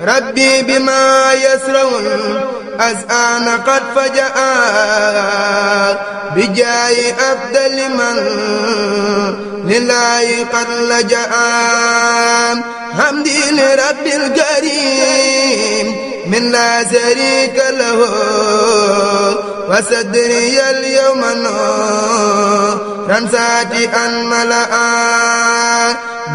ربي بما يسرون أزآن قد فجأ بجاي أبدل من لله قد لجأ حمدي لرب الكريم من لا شريك له وصدري اليوم نورا ساتئا ملأ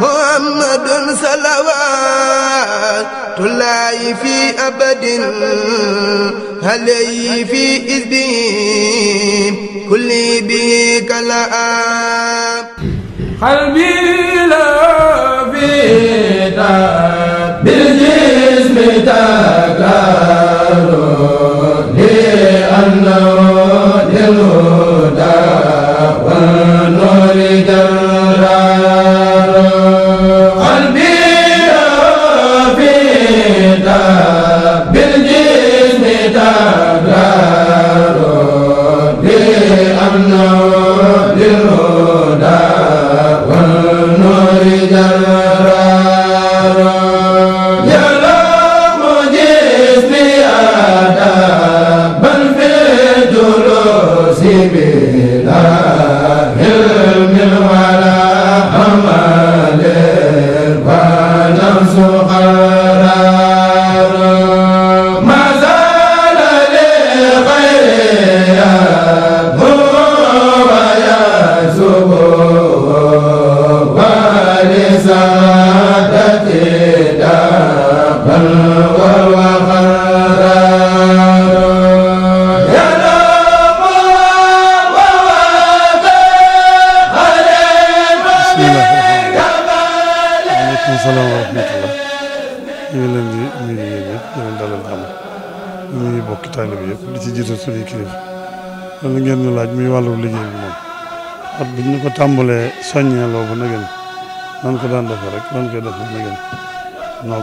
محمد صلوات الله في أبد هلي في إذبه كل به كلام قلبي tàmbalee soññeeloo ba nagal nan ko daan defe rek nan koy defe nagal noo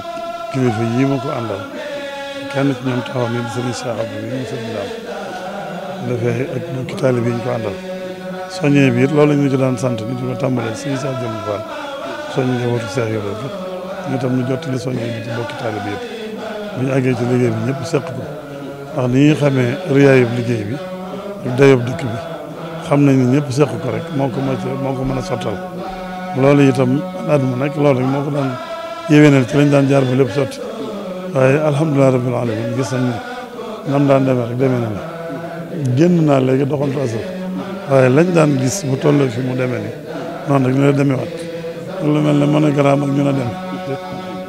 kilifa yii ko àndal kenn ci ñoom taxaw ni di sëriñ saaxa bi mu sëriñ daal dafee ak bokki taalibe yi ko àndal soññee bi it loolu ñu ko daan sant ni di ko tàmbalee sëriñ saa jëm faal soññ njabootu seex yi loolu ñu tam ñu jottali soññee bi ci bokki taalibe liggéey bi ñëpp seq ko ndax ni ñuy xamee liggéey bi ak dayob dëkk bi xam nañ ni ñëpp seq ko rek moo ko mën a ko mën a sottal loolu itam at mu nekk loolu rek moo ko daan yéwénal ci lañ daan jaar bu lépp sotti waaye alhamdulilah rabbil alamin gis nañ ni nam daan demee rek demee na la génn naa léegi doxantu asaf waaye lañ daan gis bu toll fi mu demee ni noonu rek ni la demee wat lu mel garaam monogramme ak ñu a demee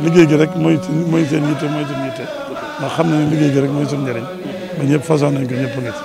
liggéey gi rek mooy mooy seen yitte mooy seen yitte ndax xam nañ ne liggéey gi rek mooy seen njëriñ ba ñëpp façon nañ ko ñëpp a ngi ci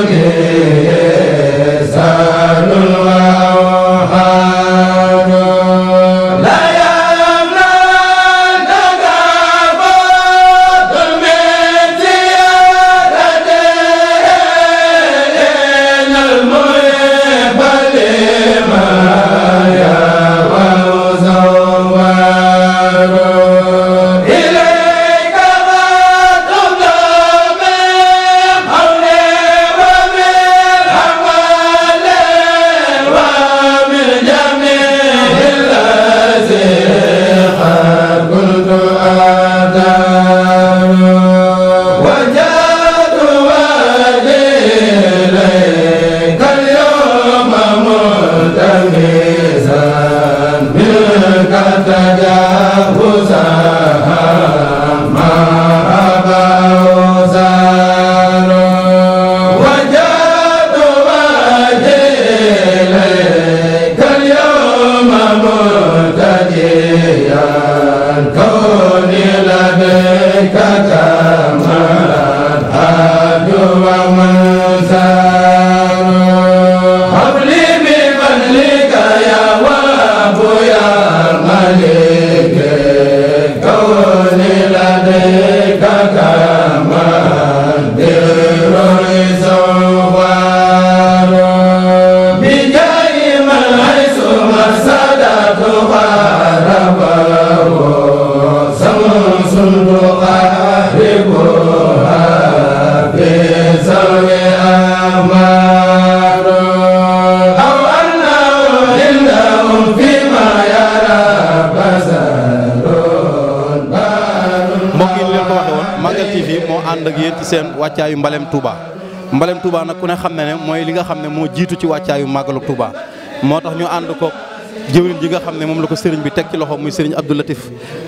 كوني لديك كما الحج وما wàccaayu mbalem Touba mbalem Touba nag ku ne xam ne ne mooy li nga xam ne moo jiitu ci wàccaayu màggalu Touba moo tax ñu ànd ko jëwriñ ji nga xam ne moom la ko sëriñ bi teg ci loxo muy sëriñ Abdou Latif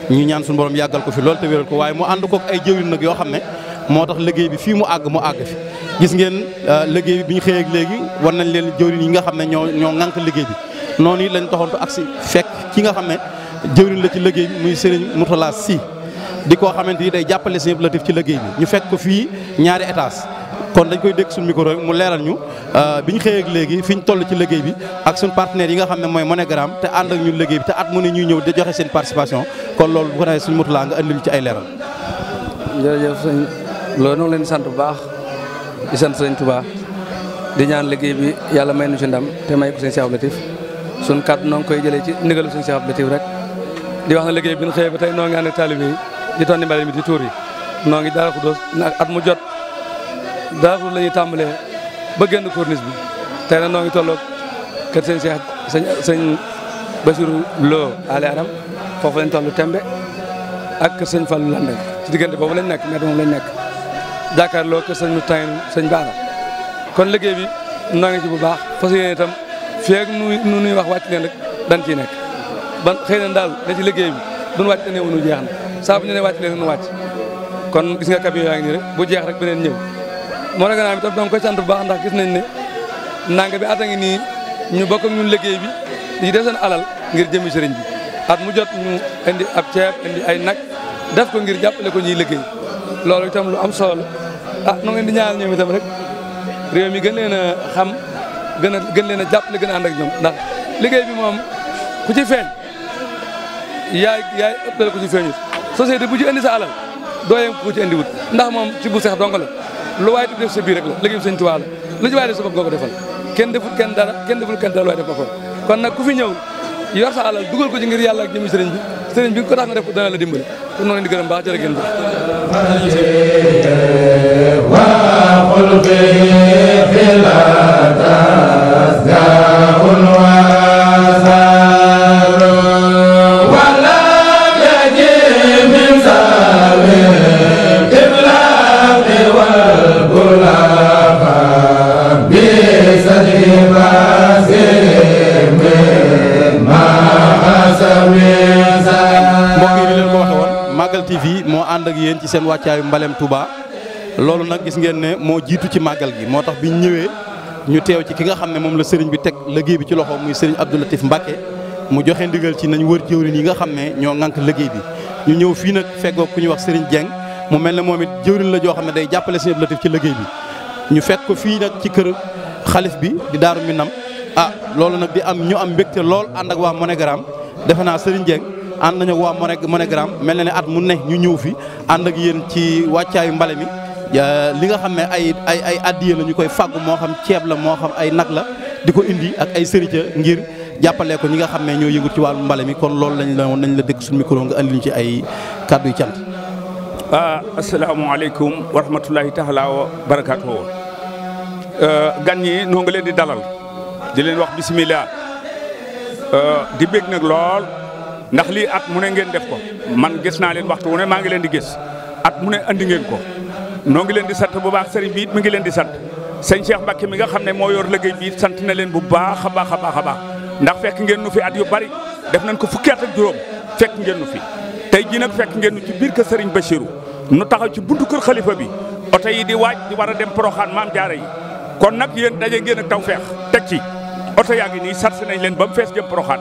ñu ñaan suñu borom yàggal ko fi loolu te ko waaye mu ànd kook ay jëwriñ nag yoo xam ne moo tax liggéey bi fii mu àgg mu àgg fi gis ngeen euh, liggéey bi ñu xëyee ak léegi war nañ leen jëwriñ yi nga xam ne ñoo ñoo ŋànk liggéey bi noonu it lañ taxoon ak si fekk ki nga xam ne jëwriñ la ci liggéey bi muy sëriñ Moutala Si di ko xamante ni day jàppale Sëñ Abdou Latif ci liggéey bi ñu fekk ko fii ñaari étage kon dañ koy dégg suñu micro bi mu leeral ñu euh, bi ñu xëyeeg léegi fi ñu toll ci liggéey bi ak suñu partenaires yi nga xam ne mooy MoneyGram te ànd ak ñun liggéey bi te at mu ne ñuy ñëw di joxe seen participation kon loolu bu ko defee suñu motulaa nga andil ñu ci ay leeral. jërëjëf sëñ loolu ñu leen sant bu baax di sant sëñ Touba di ñaan liggéey bi yàlla may nu ci ndam te may ko sëñ Cheikh Abdou Latif ngi koy jëlee ci ndigalu sëñ Cheikh Abdou Latif rek di wax na bi tey noo ngi ànd di tonni mbalit mi di tuur yi noo ngi Daaru Xudoos nag at mu jot Daaru Xudoos la ñuy tàmbalee ba génn corniche bi tey nag noo ngi tolloog kër sëñ Cheikh sëñ sëñ Bassirou Lo ale aram foofu lañ toll tembe ak kër sëñ Fallou Lambe ci diggante boobu lañ nekk mais moom lañ nekk jàkkaarloo kër sëñ Mutayn sëñ Baara kon liggéey bi noo ci bu baax fas yéene itam fii ak nu nuy wax wàcc leen rek dañ ciy nekk ban xëy na daal da ci liggéey bi duñ wàcc wu néewuñu jeex na saa bu ñu ne wàcc leen nu wàcc kon gis nga camion yaa nii rek bu jeex rek beneen ñëw moo na ganaam itam danga koy sant bu baax ndax gis nañ ne nanga bi at a ngi nii ñu bokk ñun liggéey bi di def seen alal ngir jëmi sëriñ bi at mu jot ñu indi ab ceeb indi ay nag def ko ngir jàppale ko ñuy liggéey loolu itam lu am solo ah nu ngeen di ñaanal ñoom itam rek réew mi gën leen a xam gën gën leen a jàppale gën a ànd ak ñoom ndax liggéey bi moom ci feeñ yaay yaay ëppale ko ci feeñut société bu ci indi sa alal dooyem ko ci indi wut ndax moom ci bu seex dong la lu waay def sa biir rek la liggéey sëñ Tuubaa la lu ci waay def sa bopp nga ko defal kenn deful kenn dara kenn deful kenn dara lu waay def ko kon nag ku fi ñëw yor alal dugal ko ci ngir yàlla ak jëmi sëriñ bi sëriñ bi nga ko tax nga def ko dana la dimbali pour noonu di gërëm baax jërë ngeen jëf ànd ak yéen ci seen wàccaayu Mbalem Touba loolu nag gis ngeen ne moo jiitu ci màggal gi moo tax bi biñ ñëwee ñu teew ci ki nga xam ne moom la sëriñ bi teg liggéey bi ci loxo muy sëriñ Abdou Latif Mbacké mu joxe ndigal ci nañ wër jëwriñ yi nga xam ne ñoo ŋànk liggéey bi ñu ñëw fii nag feggoog ku ñuy wax sëriñ Dieng mu mel ne moom it jëwriñ la joo xam ne day jàppale sëriñ Abdou Latif ci liggéey bi ñu fekk ko fii nag ci kër xalif bi di Daaru Minam a ah, loolu nag di am ñu am mbégte lool ànd nañu waa Moné Monégram mel na ne at mu ne ñu ñëw fi ànd ak yéen ci wàccaayu mbale mi li nga xam ne ay ay ay addiye la ñu koy fàggu moo xam ceeb la moo xam ay nag la di ko indi ak ay sërita ngir jàppale ko ñi nga xam ne ñoo yëngu ci wàllu mbale mi kon loolu lañ la woon nañ la dëkk suñu micro nga andi ñu ci ay kàddu cant. ah asalaamaaleykum wa rahmatulahi taala wa barakaatu. Euh, gan ñi noo nga leen di dalal di leen wax bisimilah euh, di bég nag lool. ndax lii at mu ne ngeen def ko man gis naa leen waxtu wu ne maa ngi leen di gis at mu ne andi ngeen ko noo ngi leen di sant bu sëriñ bi it mi ngi leen di sant sëñ Cheikh Mbacke mi nga xam ne moo yor liggéey bi sant na leen bu baax a a baax a baax ndax fekk ngeen nu fi at yu bari def nañ ko fukki at ak juróom fekk ngeen nu fi tey jii nag fekk ngeen nu ci biir kër sëriñ Bachirou nu taxaw ci buntu kër xalifa bi oto yi di waaj di war a dem Poroxaan maam jaara kon nag yéen daje ngeen ak tawfeex teg ci oto yaa ngi nii sars nañ leen ba mu fees jëm Poroxaan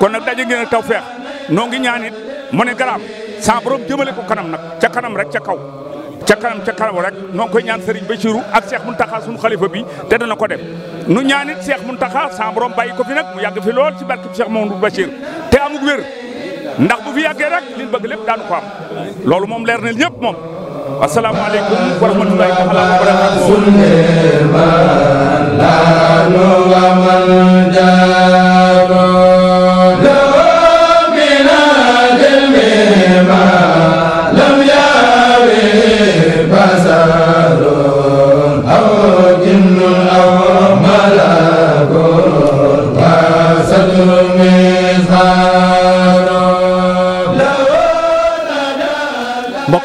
kon nag daje ngeen ak tawfeex noo ngi ñaan it mu ne garaam sa borom jëmale ko kanam nag ca kanam rek ca kaw ca kanam ca kanam rek noo ngi koy ñaan Serigne Bassirou ak Cheikh Mountakha bi te dana ko def nu ñaanit seex Mountakha sa borom bàyyi ko fi nag mu yàgg fi lool ci barke Cheikh Mamadou Bachir te amuk wér ndax bu fi yàggee rek liñ bëgg lépp daanu ko am loolu moom leer na ñëpp moom asalaamaaleykum wa rahmatulahi taala wa barakatuh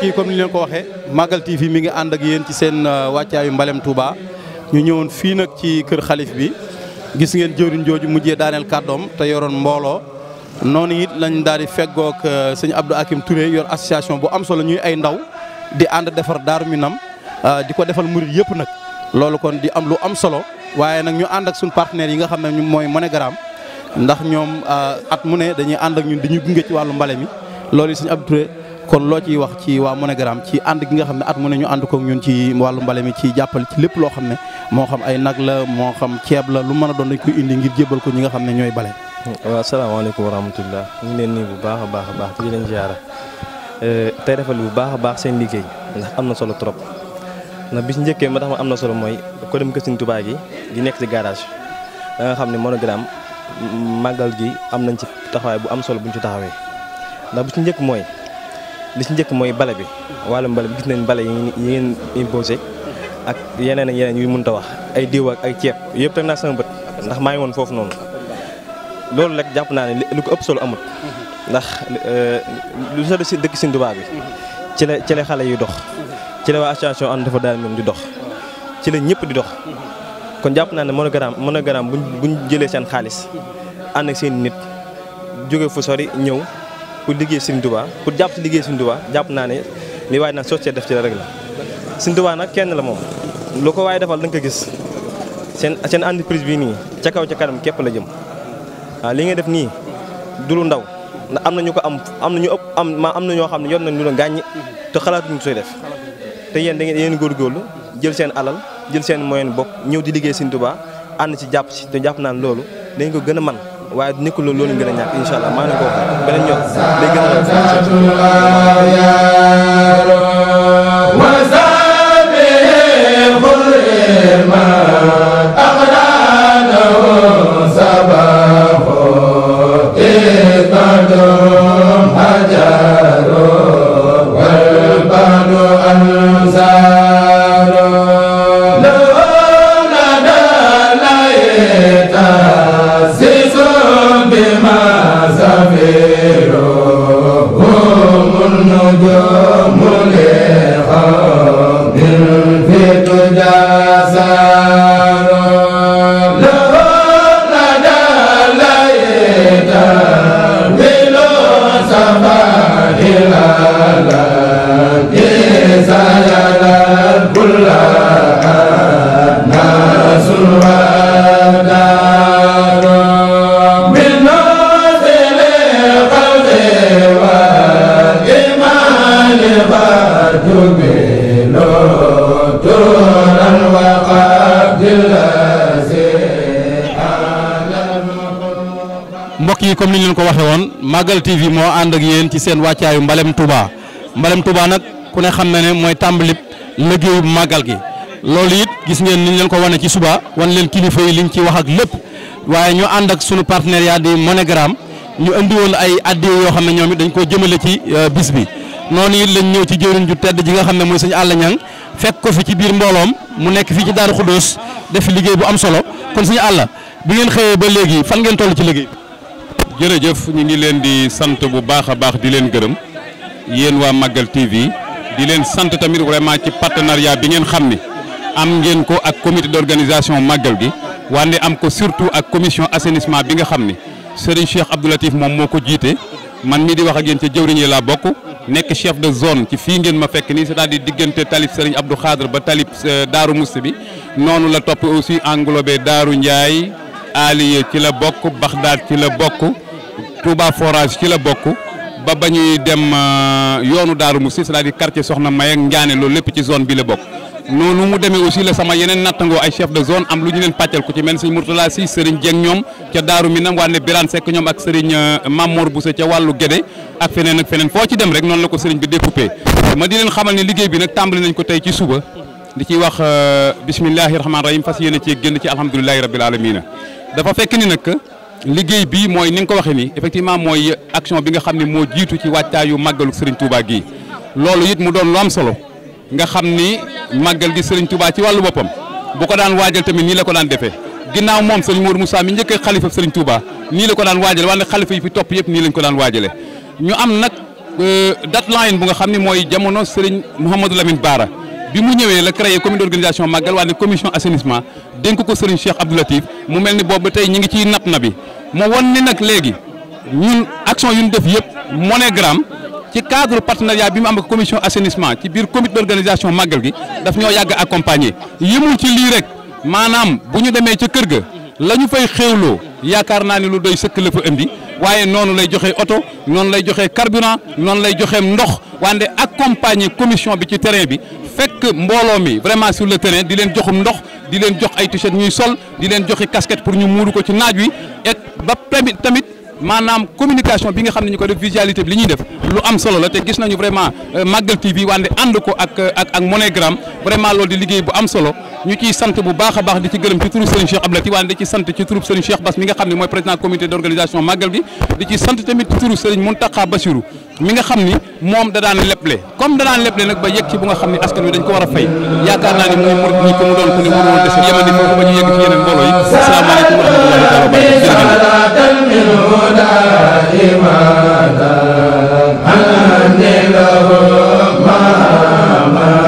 mbokk yi comme ko waxee Magal TV mi ngi ànd ak yéen ci seen euh, wàccaayu mbalem Touba ñu ñëwoon fii nag ci kër xalif bi gis ngeen jëwriñ jooju mujjee daaneel kàddoom te yoroon mbooloo noonu it lañ daal di feggoog euh, sëñ Abdou Akim Touré yor association bu am solo ñuy ay ndaw di ànd defar Daaru Minam euh, di ko defal murit yëpp nag loolu kon di am lu am solo waaye nag ñu ànd ak suñu partenaires yi nga xam ne ñu mooy MoneyGram ndax ñoom at mu ne dañuy ànd ak ñun di ñu gunge ci wàllu mbale mi loolu sëñ kon loo ciy wax ci waa MONEGRAM ci ànd gi nga xam ne at mu ne ñu ànd kook ñun ci wàllu mbale mi ci jàppale ci lépp loo xam ne moo xam ay nag la moo xam ceeb la lu mën a doon dañ koy indi ngir jébal ko ñi nga xam ne ñooy bale. waaw salaamaaleykum wa rahmatullah ñu leen nii bu baax a baax a baax leen ziara eh, tey rafet bu baax a baax seen liggéey ndax am na solo trop ndax bis njëkkee ma tax ma am na solo mooy ko dem kër Sëñ Tuubaa gi di nekk ci garage da xam ne MONEGRAM màggal gi am nañ ci taxawaay bu am solo buñ ci taxawee ndax bu ci njëkk mooy li ci njëkk mooy bala bi wàllum bale bi gis nañ bala yi ngeen imposé ak yeneen yeneen yu mënta wax ay diw ak ceeb yëpp teg naa sama bët ndax maa ngi woon foofu noonu loolu rek jàpp naa ne lu ko ëpp solo amut ndax eh, lu solo dëkk Sëñ Tuubaa bi ci la ci la xale yu dox ci la waa association ànd dafa daal moom di dox ci la ñëpp di dox kon jàpp naa ne monogramme monogramme buñ buñ jëlee seen xaalis ànd seen nit jóge fu sori ñëw pour liggéey Serigne Touba pour jàpp si liggéey Serigne Touba jàpp naa ne li waaye soo société def ci la rek la Serigne Touba nag kenn la moom lu ko waaye defal da ko gis seen seen entreprise bi nii ca kaw ca kanam képp la jëm waaw li nga def nii du lu ndaw ndax am na ñu ko am am na ñu ëpp am ma am na ñoo xam ne yor nañ ñu la gàññi te xalaatuñu sooy def te yéen da ngeen góor góorgóorlu jël seen alal jël seen moyen bopp ñëw di liggéey sintubaa Touba ànd ci jàpp ci te jàpp naan loolu dañ ko gën a man waaye nekkul loolu loolu gën a ñàkk incha maa ngi koo beneen yoon day gën a rafetlu. Magal TV moo ànd ak yéen ci seen wàccaayu Mbalem Touba Mbalem Touba nag ku ne xam na ne mooy tàmbali liggéeyu màggal gi loolu it gis ngeen ni ñu leen ko wane ci suba wan leen kilifa yi liñ ci wax ak lépp waaye ñu ànd ak sunu partenariat di Monogram ñu indi woon ay addiya yoo xam ne ñoom it dañ ko jëmale ci euh, bis bi. noonu it lañ ñëw ci jëriñ ju tedd ji nga xam ne mooy sëñ Alla Ñang fekk ko fi ci biir mbooloom mu nekk fii ci Daaru Xudóos def liggéey bu am solo kon sëñ Alla bi ci liggéey jërëjëf ñu ngi leen di sant bu baax a baax di leen gërëm yéen waa Magal TV di leen sant tamit vraiment ci partenariat bi ngeen xam ni am ngeen ko ak comité d'organisation Magal gi wande am ko surtout ak commission assainissement bi nga xam ni Serigne Cheikh Abdou Latif moom moo ko jiite man mii di wax ak yéen ca jëwriñ yi laa bokk nekk chef de zone ci fii ngeen ma fekk nii c'est-à-dire diggante talib Serigne Abdou Khadre ba talib euh, Daaru Musti bi noonu la topp aussi englobé Daaru Ndiaye Aliye ci la bokk Baxdaad ci la bokk Touba forage ci la bokk ba ba ñuy dem euh, yoonu Daaru Musi cest à quartier Soxna May Njaane loolu lépp ci zone bi la bokk noonu mu demee aussi la sama yeneen nattangoo ay chef de zone am lu ñu leen pàccal ku ci mel sëñ Mourtala euh, dem rek noonu la ko sëriñ bi découpé ma di leen xamal ne liggéey bi nag tàmbali nañ ko tey ci suba di ciy wax euh, bismillahi rahmaani rahim fas yéene ci génn ci alhamdulilahi rabil alamina dafa fekk ni nag liggéey bi mooy ni nga ko waxee nii effectivement mooy action bi nga xam ne moo jiitu ci waajtaayu màggalu Serigne Touba gii loolu it mu doon lu am solo nga xam ni màggal gi Serigne Touba ci wàllu boppam bu ko daan waajal tamit nii la ko daan defee ginnaaw moom Serigne Modou Moussa mi njëkk xalifa Serigne Touba nii la ko daan waajale wala xalifa yi fi topp yëpp nii lañ ko daan waajale ñu am nag euh, deadline bu nga xam ne mooy jamono Serigne Mouhamadou Lamine Bara bi mu ñëwee la créé comité d'organisation màggal waa ne commission assainissement dénk ko Serigne Cheikh Abdou Latif mu mel ni boobu tey ñi ngi ciy napp na bi mu won ni nag léegi ñun action yu ñu def yëpp MoneyGram ci cadre partenariat bi mu am ak commission assainissement ci biir comité d'organisation màggal gi daf ñoo yàgg accompagner yëmul ci lii rek maanaam bu ñu demee ca kër ga lañu ñu fay xéewloo yaakaar naa ni lu doy sëkk la fa indi waaye noonu lay joxee oto noonu lay joxe carburant noonu lay joxe ndox. wande accompagner commission bi ci terrain bi fekk que mi vraiment sur le terrain di ont joxum ndox di len jox ay t ñuy sol di casquette pour ñu des ci naaj et ba tamit communication bi nga xamni def visualité bi li ñuy def lu am solo la gis vraiment euh, Magal TV wande and ko ak ak monogram, vraiment lool di bu solo ñu ciy sant bu baax a baax di ci gërëm ci turu Serigne Cheikh Abdoulaye Tidiane di ci sant ci turu Serigne Cheikh Bass mi nga xam ne mooy président comité d' organisation màggal gi di ci sant tamit ci turu Serigne Mountakha Bassirou nga xam ni moom da daan leble comme da daan leble nag ba yegg ci bu nga xam ne askan wi dañ ko war a fay yaakaar naa ne muy murit ñi ko mu doon ku ne des yemal ni foofu ba ñu yegg ci yeneen mbooloo yi asalaamaaleykum wa rahmatullahi taala wa barakatuh jërëjëf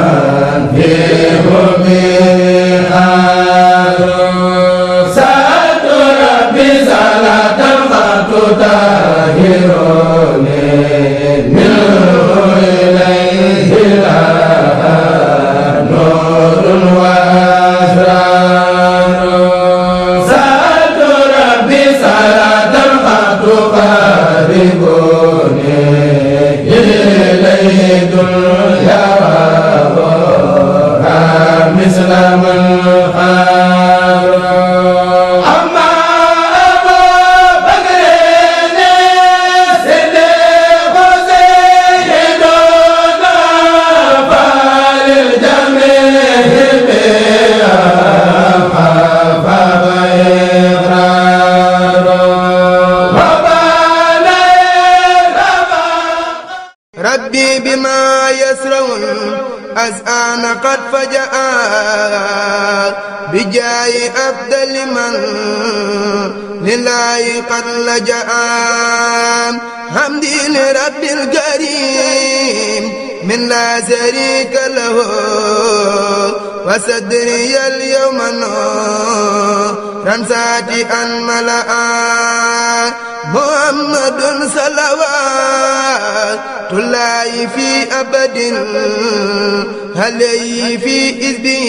رجاء حمد لرب الكريم من لا شريك له وصدري اليوم نورا ساتئا ملأ محمد صلوات الله في أبد عليه في إذبه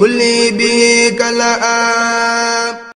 كل به كلام